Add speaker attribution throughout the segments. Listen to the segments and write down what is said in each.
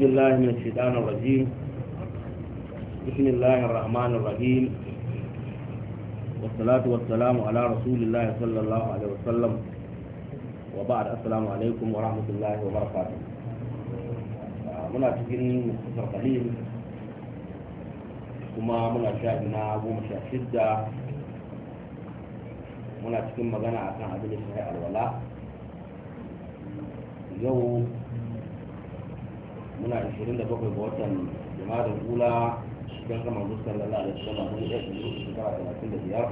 Speaker 1: بالله من الشيطان الرجيم بسم الله الرحمن الرحيم والصلاة والسلام على رسول الله صلى الله عليه وسلم وبعد السلام عليكم ورحمة الله وبركاته muna cikin musulman kalil kuma muna sha na goma sha shidda muna cikin magana akan abin da shi alwala yau muna 27 ga watan jama'ar kula shigar kama zuwa sallallahu alaihi wasallam mun yi ɗaya da shekara talatin da biyar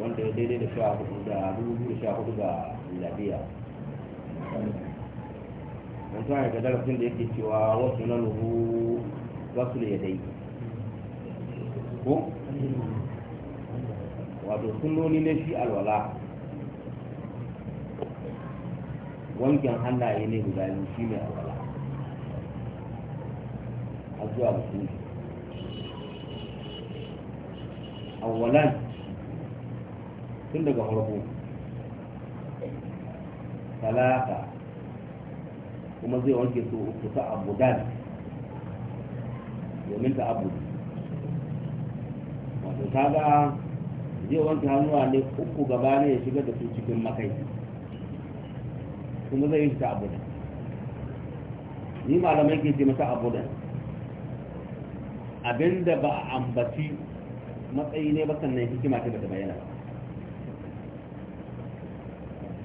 Speaker 1: wanda ya daidai da sha hudu da dubu biyu da sha hudu ga miladiya mun tana ga darasin da yake cewa wasu na nuhu wasu su ya dai ko wato sunoni ne shi alwala wankin hannaye ne guda biyu shi mai alwala har zuwa mutum awwalan tun daga farko talata kuma zai wanke su uku ta abudan domin ta abu wato ta ga zai wanke hannuwa ne uku gaba ne ya shiga da su cikin makai kuma zai yi ta abudan ni malamai ke ce mata abudan Abin da ba a ambaci matsayi ne ba sannan hikima ce bata bayyana ba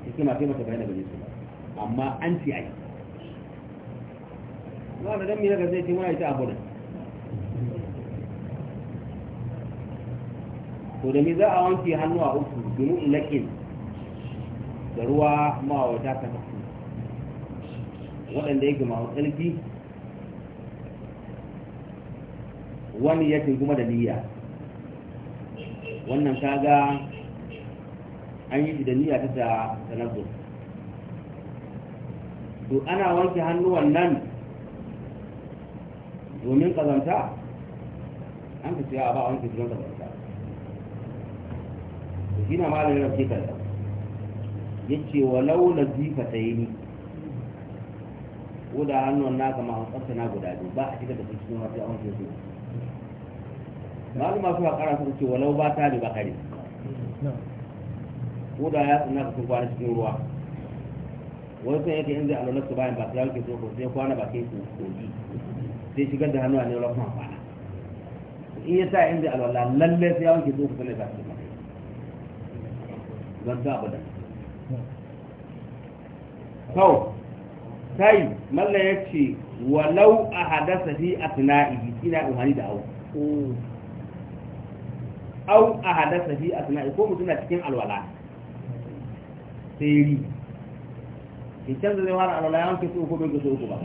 Speaker 1: hikima ce bata bayyana ne su ba amma an ci ai ba da dan mina ga zai ce muna ita abu nan to da ni za a wanke hannu a uku domin lakin da ruwa wata ta waɗanda ya gama wa tsarki wani yakin kuma da niyya wannan kaga an yi da niyya ta da sanarwa to ana wanke hannuwan nan domin kazanta an ka ce a ba wanke domin kazanta to shi na malamin da kaza ya ce wa laula zifa ta yi ni ko da hannuwan na kama an tsafta na guda biyu ba a cika da cikin wasu yawon wanke ba masu haƙara sun ce walau ba ta da bakari ko da ya suna ka sun kwana cikin ruwa wani sun yake inda alwala su bayan ba su yawon ke so ko sai kwana ba ke kogi sai shigar da hannu a neman kuma kwana in ya sa inda alwala lalle sai yawon ke so ko sai ba su don ta abu da kau sai malla ya ce walau a hadasa fi a tuna'i ina umarni da awu. Mm. au a hadasa fi asna'i ko mutum na cikin alwala sai in canza zai fara alwala ya wanke su uku bai gaso uku ba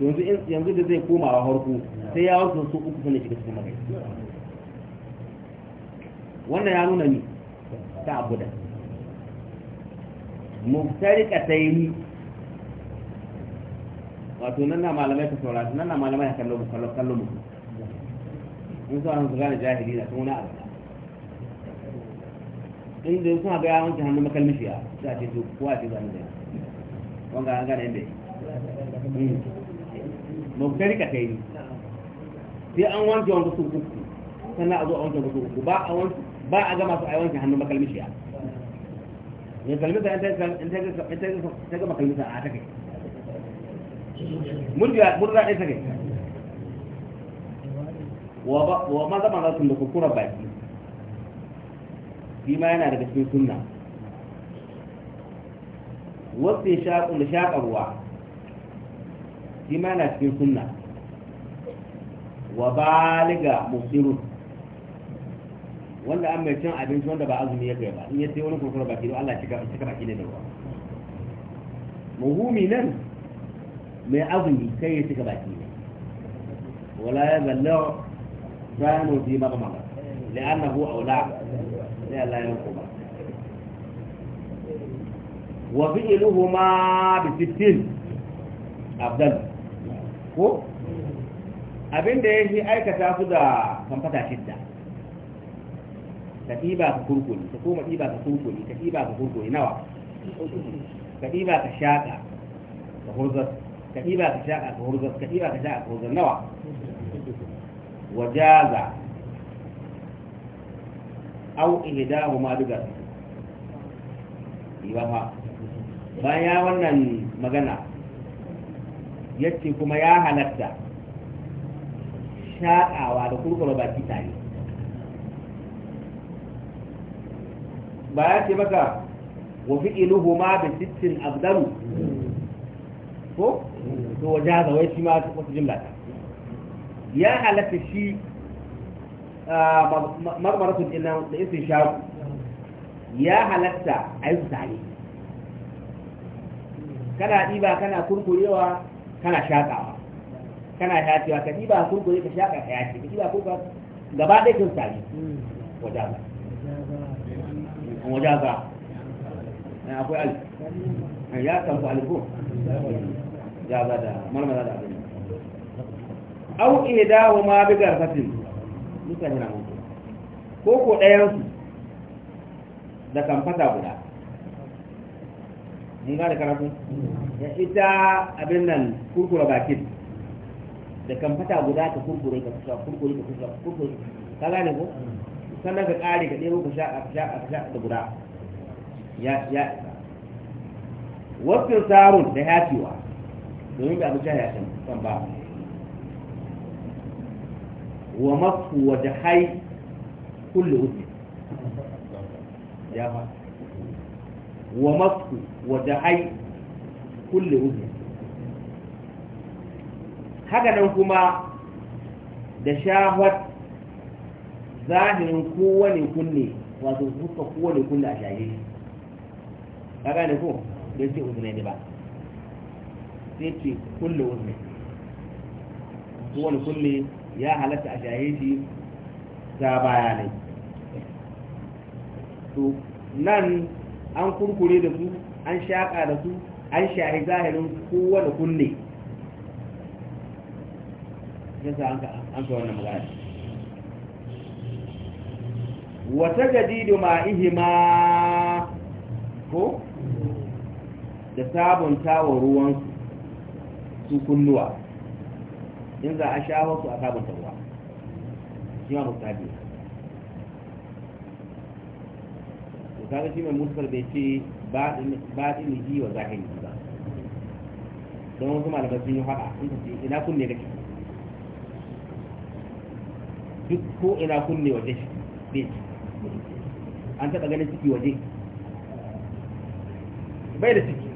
Speaker 1: yanzu yanzu da zai koma wa harko sai ya wanke su uku sannan shiga cikin makai wannan ya nuna ni ta abuda muftarika ta yi wato nan na malamai ka saurari nan na malamai ka kallon mu in so an su gane jahili na tun wani inda da suna ga yawancin hannun makalmishiya sai a ce to kowa ce zanen da wanga an gane inda mafitari hmm. ka ta yi sai an wanke wanka su uku sannan a zo a wanke wanka su uku ba a wanke ba a gama su a wanke hannun makalmishiya ya kalmisa in ta gama kalmisa a ta kai murja murja ɗaya ta kai wa ma zama za su da kukurar baki shi ma yana daga cikin sunna wasu shaƙun shaƙa ruwa, shi ma yana cikin sunna wa baliga musirun wanda an mai cin abinci wanda ba azumi ya kai ba in ya sai wani kurkura baki don Allah cika baki ne da ruwa muhumi nan mai azumi kai ya cika baki ne wala ya zalla sanu fi magmaga li'annahu aula sai Allah ya kuma wa fi'luhuma bi sittin afdal ko abin da yake aikata ku da kamfata shidda ka ɗiba ka kurkuri ka koma ɗiba ka kurkuri ka ɗiba ka kurkuri nawa ka ka shaka ka hurzas ka ka shaka ka hurzas ka ka shaka ka hurzas nawa wajaza au mu ma duka ba yawa baya wannan magana yace kuma ya halatta shaƙawa da kurkura baki tare ba ya ce maka wa fi'iluhu ma bi sittin afdalu ko to wajaza wai shi ma wata jimla ta ya halatta shi marmaratun illa da isin shaku ya halatta a yi tare kana ɗiba kana kurkurewa kana shaƙawa kana yacewa ka ɗiba kurkure ka shaƙa ka yace ka ɗiba kurkure gaba ɗaya kin tare waje ba eh, akwai eh, ya samu alifu ba da marmara da abin au ihdahu ma bi garfatin mutane na mutu ko ko ɗayansu da kamfata guda mun gane karatu ya ita abin nan kurkura bakin da kamfata guda ka kurkure ka kusa kurkure ka kusa kurkure ka gane ko sannan ka kare ka ɗero ka sha a sha a sha da guda ya ya wasu sarun da hatiwa domin ka abu sha ya san ba wa masu waje kulle uku ya haka nan kuma da shahwat zahirin kowane kunne wato fuska kowane kunne a shaye ka gane ko don ce uzunai ne ba sai ce kulle uzunai kowane kunne ya halatta a shahidi ta bayanai to nan an kurkure da su an shaƙa da su an shahi zahirin kowa da kunne yasa an ka wannan magana wata jadidu ma'ihima ko da sabunta wa ruwan su kunnuwa in za a shawar su a sabunta ruwa shi ma biyu. to kaga shi mai muskar bai ce ba ɗin yi wa zahiri ba don wasu malabar sun yi haɗa in ce ina kunne kake duk ko ina kunne waje shi ne an taɓa ganin ciki waje bai da ciki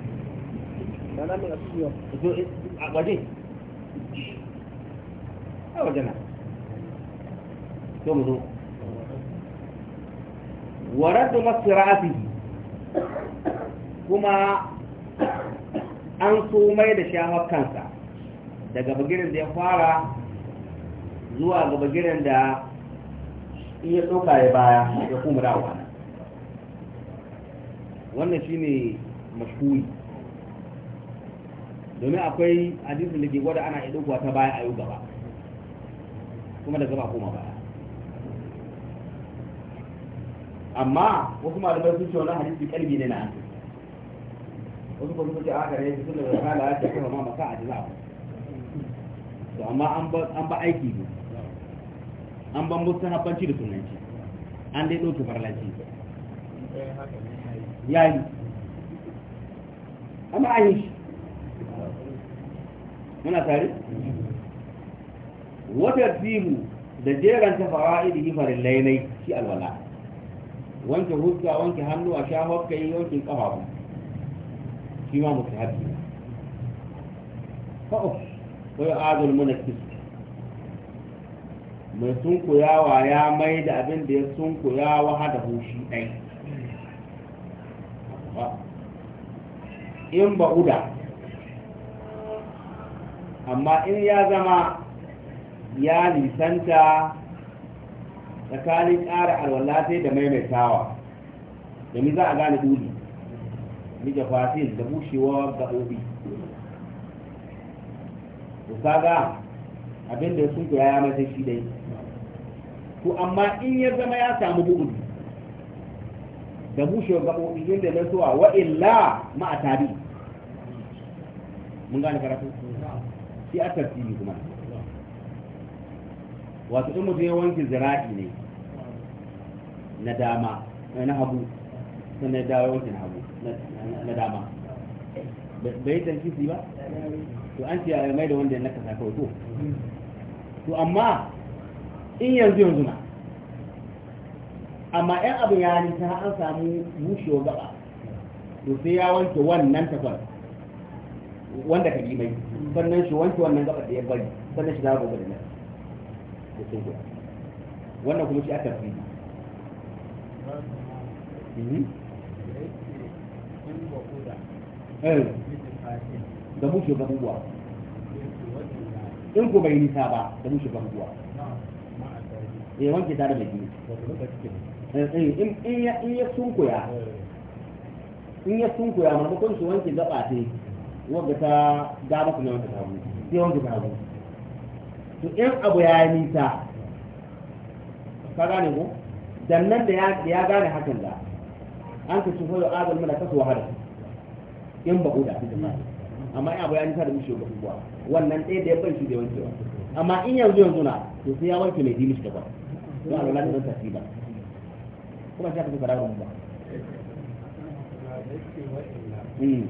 Speaker 1: eh, a waje a wajen nan to mu zo kuma an so mai da shahar kansa daga bagirin da ya fara zuwa ga bagirin da iya tsoka ya baya ya kuma dawa wannan shine mashhuri domin akwai hadisin da ke gwada ana iya ta baya a yau gaba kuma da zama koma baya amma wasu malamai sun ce wannan hadisi kalbi ne na an wasu kuma suka ce aka ne sun da kala ya ce kuma ma masa a jiza to amma an ba aiki ne an ban banci da sunanci an dai ɗauke farlanci yi amma an yi shi muna tare wata zimu da ta fara'idi hifarin lainai, shi alwala wanke a wanke hannu a sha hokka yi yankin kafafu shi ma mutu haɗi fa'uf ko yi azul mana kisu mai sunkuyawa ya mai da abin da ya sunkuyawa hada hushi ɗai in ba'uda. amma in ya zama ya nisanta tsakanin ƙara alwallatai da maimaitawa domin za a gane duli mija fasin da bushewa gaɓoɓi to kaga abin da sun ya mata shi dai to amma in ya zama ya samu bugu, da bushewa obi inda na zuwa wa illa ma'a mun gane karatu shi a tafsiri kuma wato in mutum ya wanke zira'i ne na dama eh, na hagu sannan ya dawo wanke na hagu na dama bai kisi ba to an ce mai da wanda ya nakasa kawai to to amma in yanzu yanzu na amma yan abin ya nisa an samu bushewa gaba to sai ya wanke wannan takwas wanda ka mai sannan shi wanke wannan gaba da ya bari sannan shi za gaba da nan da sai wannan kuma shi aka fi mhm. eh, da mu in bai nisa ba da mu eh, wanke tare da biyu eh, in ya sunkuya in ya sunkuya wanke ce ta ta wanke ta to in abu ya yi nisa ka gane ko dan nan da ya gane hakan da an ka ci hoyo azal mana kasu wahala in ba uda fi jama'a amma in abu ya nisa da mishi ga kuwa wannan ɗaya da ya ban shi da wankewa amma in yanzu yanzu na to sai ya wanke mai dimish da ba don a lalata don tafi ba kuma shi aka fi fara ba hmm.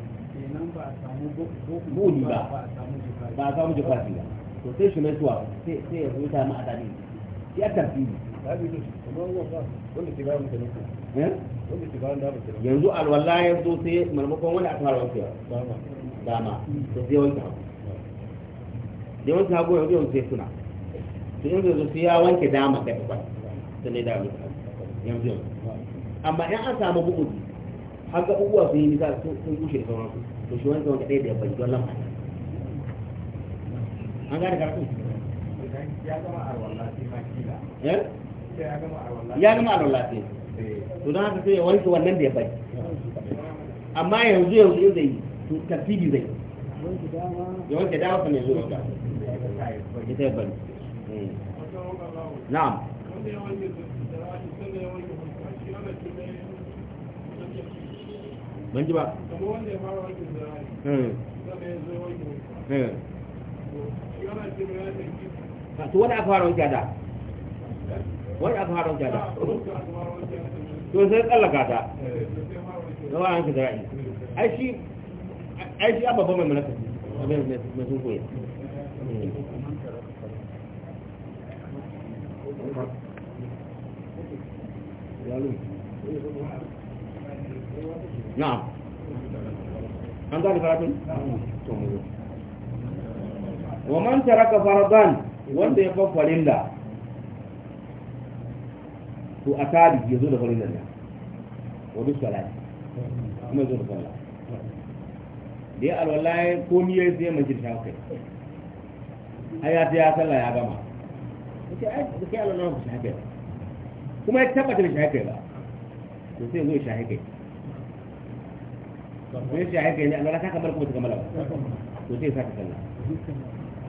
Speaker 1: buli ba ba a samu jifafi ba to sai shi mai zuwa sai ya huta ma a dadi ya tartibi eh? yanzu alwala ya zo sai marmakon wanda aka fara wankewa dama to sai wanke hagu da wanke hagu yanzu yanzu sai suna to yanzu yanzu sai ya wanke dama kai kwakwai sai dai dama yanzu yanzu amma in an samu bugu har ga uwa sun yi nisa sun kushe da sauransu to shi wanke wanke ɗaya da ya don lamari an gane karatu eh? ya gama a makila ya to don haka sai ya wanke wannan da ya bai amma yanzu yanzu in zai to tartibi zai ya wanke dama ne yanzu ga ya ta bari
Speaker 2: eh. na'am
Speaker 1: ban ji ba Ah, to wani aka fara wani
Speaker 2: aka fara to sai tsallaka ta da an ka zara'i ai shi
Speaker 1: ai shi mai malaka mai sun koya hmm.
Speaker 2: na'am an to mu wa man
Speaker 1: taraka faradan wanda ya fa da? to a tabi ya zo da farillar nan wa duk salati kuma zo da sallah da ya alwallahi ko ni ya sai mai shirka kai ai ya ta ya sallah ya gama kace ai da kai alwallahi ku shaka kuma ya tabbata shaka kai ba to sai zo shaka kai ko ya shaka ne alwallahi ta kamar kuma ta kamala ba to sai sa ka sallah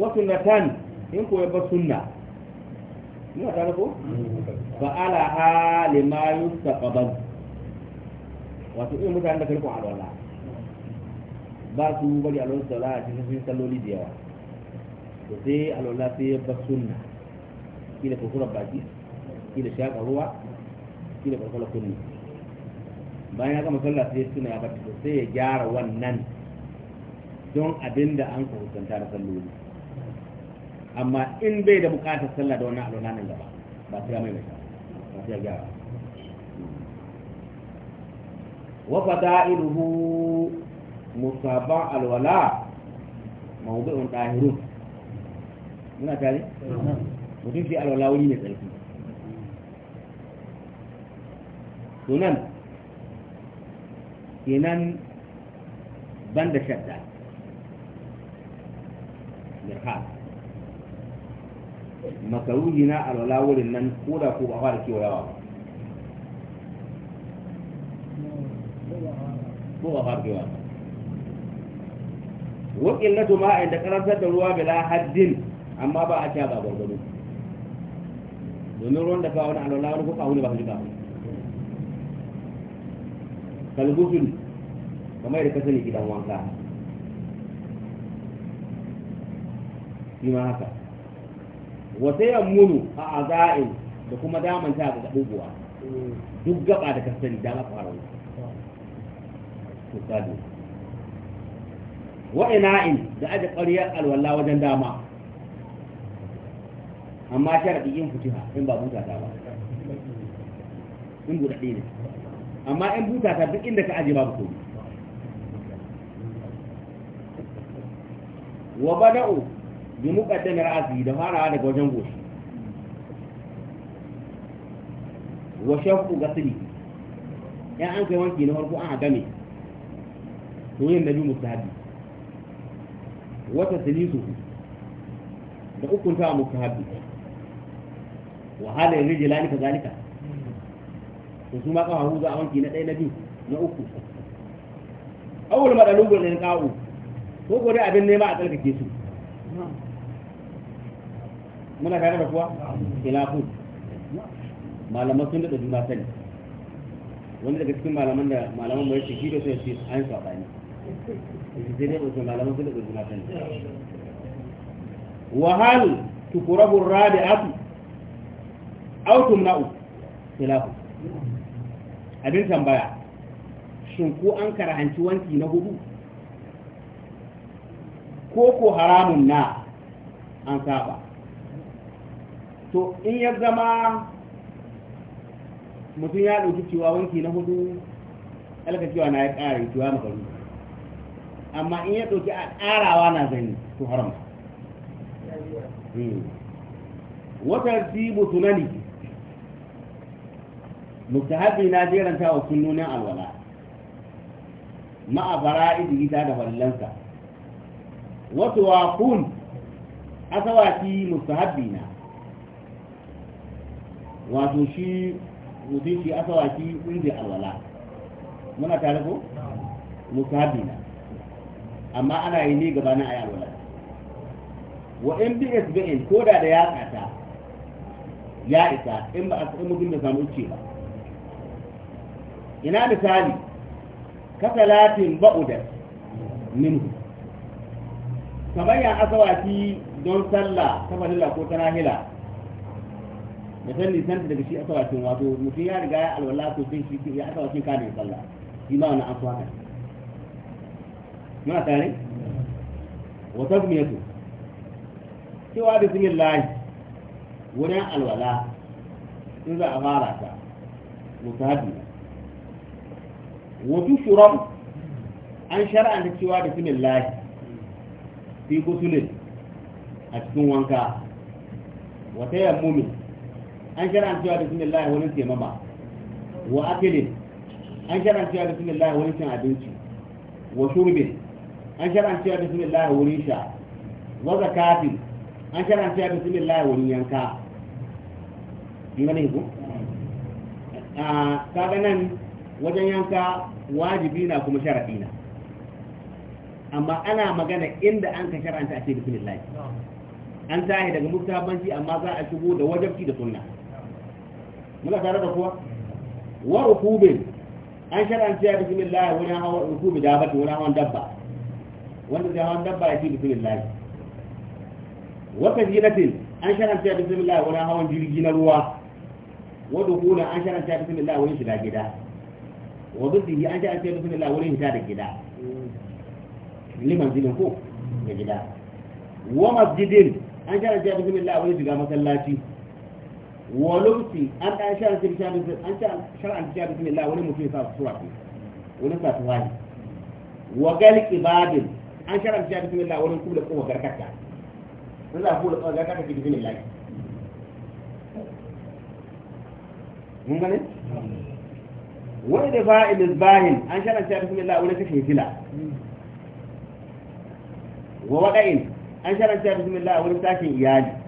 Speaker 1: wasu natan in koya ya ba sunna muna tare ko fa ala halima yustaqbal wato irin mutanen da karfin alwala ba su bari alwala sala a cikin salloli da yawa to sai alwala sai ya ba sunna kila kurkurar baki kila shaƙa ruwa kila kurkurar kunni bayan ya gama sallah sai suna ya bata sai ya gyara wannan don abin da an ka hukunta da salloli amma in bai da bukatar sallah da wannan alwala nan gaba ba sai mai mai ba sai gyara wa fada'iluhu musaba alwala mawdu'un tahirun muna tare mutum shi alwala wuri mai tsarki sunan kenan ban da shadda zakka makaruhi na alwala wurin nan ko da ko ba fara kewayawa ko ba fara kewayawa wa qillatu ma'in inda karantar da ruwa bila haddin amma ba a ta ga gurgudu domin ruwan da ba wani alwala wani ko ka wani ba ka ji ba kamar da ka gidan wanka shi ma haka wata munu a aza'in da kuma ta ga dubuwa duk gaba da kasari da aka fara wuce wa ina'in da aje ƙarya alwala wajen dama amma sharaɗi in fitiha in ba ta ba in buɗaɗɗe ne amma in ta duk inda ka aje babu komai wa bada'u bi muqaddami ra'asi da farawa daga wajen goshi wa shaqqu gasli ya an kai wanki na farko an game to yin nabi mustahabi wa taslisu da ukun ta mustahabi wa hala rijlani kazalika to su ma kafafu za a wanki na ɗaya na biyu na uku awul madalubul kawo ko gode abin nema a tsarkake su muna tare da kuwa khilafu malaman sun daɗa juna sani wani daga cikin malaman da malaman mai shi da sai ce an sabani sai ne wasu malaman sun daɗa juna sani wa hal tukurabu rabi'atu aw tumna'u khilafu abin tambaya shin ko an karahanci wanki na hudu ko ko haramun na an saba to in ya zama mutum ya ɗauki cewa wanki na hudu alka cewa na ya ƙare cewa makaru amma in ya ɗauki a ƙarawa na zani to haram hmm. wata mutunani mutu haɗi na jeranta wa sunnonin alwala ma'a fara'idi gita da fallansa wasu wa kun asawaki mustahabi na wato shi wuce shi asawaki inda alwala muna tare ko musabi na amma ana yi ne na ayi alwala wa in bi isba'in ko da da ya kata ya isa in ba a tsaye mutum da samu ce ba ina misali ka talatin ba'udar minhu kamar ya asawaki don sallah ta fahila ko ta nahila da san nisan daga shi asawacin wato mutum ya riga ya alwala ko sai shi ya asawacin kada ya sallah shi ma wannan an so haka muna tare wa tasmiyatu cewa da sun lahi wurin alwala in za a fara ta mutahabi wato shuram an shar'anta cewa da sun lahi fi gusulin a cikin wanka wata yammumin an karantawa da sunan lahi wani taimama wa akilin an karantawa da sunan lahi wani cin abinci wa shurbin an karantawa da sunan lahi wani sha wa zakatin an karantawa da sunan lahi wani yanka ne ku kaga nan wajen yanka wajibi na kuma sharaɗi na amma ana magana inda an ka sharanta a ce bismillah an tahi daga muktabanci amma za a shigo da wajabci da sunna muna tare da kuwa wa rukubin an an ya bismillah wani hawa rukubi da bata wani hawan dabba wanda zai hawan dabba ya ce bismillah wa kafinatin an an ya bismillah wani hawan jirgi na ruwa wa dukhula an an ya bismillah wani shiga gida wa bihi an an ya bismillah wani hita da gida liman zilin ko da gida wa masjidin an an ya bismillah wani shiga masallaci walumti an ɗan shar'anta bishabin an shar'anta bishabin sun Allah wani mutum ya sa sura ne wani sa tuwahi wa gal ibadin an shar'anta bishabin sun Allah wani kubla kuma garkata sun za ku da kuma garkata ke bishin Allah mun gane wani da ba fa'il bahin an shar'anta bishin Allah wani kashe fila wa wada'in an shar'anta bishin Allah wani sakin iyali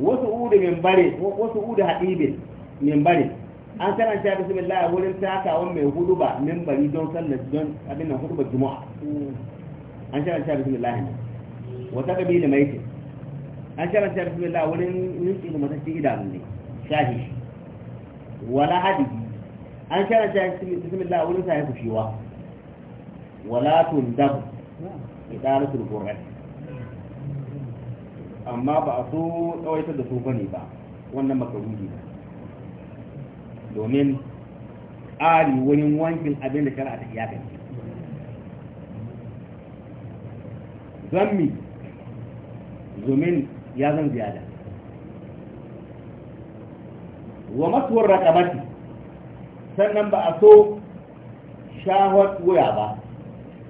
Speaker 1: wasu uda mimbare wasu uda hadibin mimbare an karanta bismillah wurin takawan mai huduba mimbari don sallar don abin nan huduba juma'a an karanta bismillah ne wata kabila mai an karanta bismillah wurin nutsi da matacci idanu ne shahi wala hadi an karanta bismillah wurin sa ya kushewa wala tundab idaratul qur'an amma ba a so tsawaitar da su bane ba wannan makaruni ba domin ƙari wurin wankin abin da shari'a ta gani zammi zumin ya zan ziyada wa matuwar rakamati sannan ba a so shahar wuya ba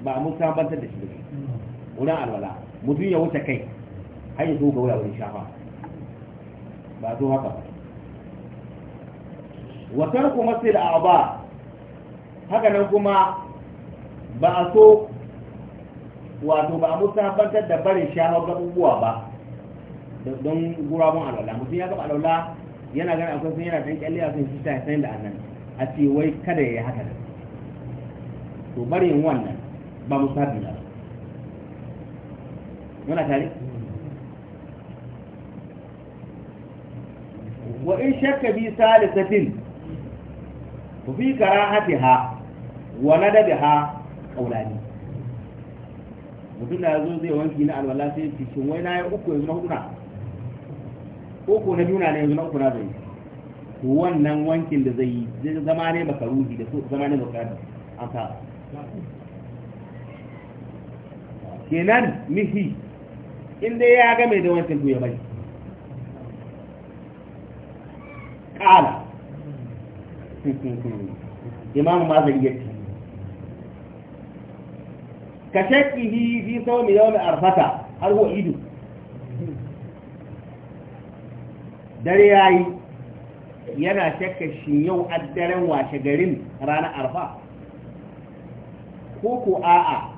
Speaker 1: ba a musamman da shi wurin alwala mutum ya wuce kai har yi zo ga wuraren shafa ba zo haka ba watar kuma sai da ba haka nan kuma ba a so wato ba a musabantar da barin shafa ga abubuwa ba don gurabun alwala mutum ya gaba alwala yana gani akwai sun yana ɗan kyalle a sun shi ta sayan da annan a ce wai kada ya yi haka nan to barin wannan ba musabi na muna tare wa in shakka bi salisatin fa fi karahatiha wa nadabiha qawlani mutum yazo zai wanki na alwala sai ce shin wai na ya uku yanzu na uku na uku na biyu na yanzu na uku na zai to wannan wankin da zai yi zai zama ne makaruhi da zama ne makaruhi an fara kenan mihi in dai ya game da wancan to ya bari ƙala imam mazari ya ce ka yi fi sau mai yawon arfata har wa ido dare ya yi yana shakka shi yau addaren washe garin ranar arfa ko ko a'a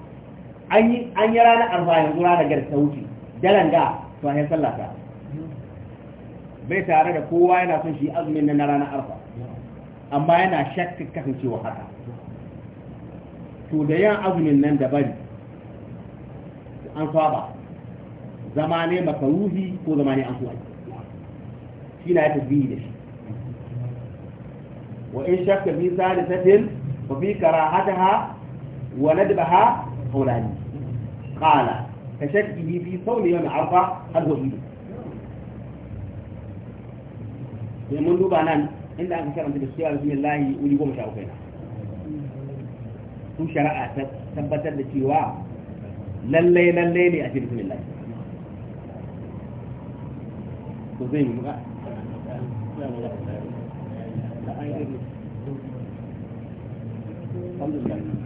Speaker 1: an yi ranar arfa yanzu ranar garta wuce daren ga to a yi sallata. bai tare da kowa yana son shi azumin na ranar arfa amma yana shakka kasancewa haka to da yan azumin nan da bari an saba zama ne makaruhi ko zama ne an suwa shi na ya tasbihi da shi wa in shakka bi salisatin wa bi karahataha wa nadbaha qawlani qala ka shakki fi sawmi yawm arfa hal huwa sai mun duba nan inda aka karanta da cewa bismillahi wuri goma sha uku ne su shari'a ta tabbatar da cewa lalle lalle ne a ce bismillahi to zai yi ba Alhamdulillah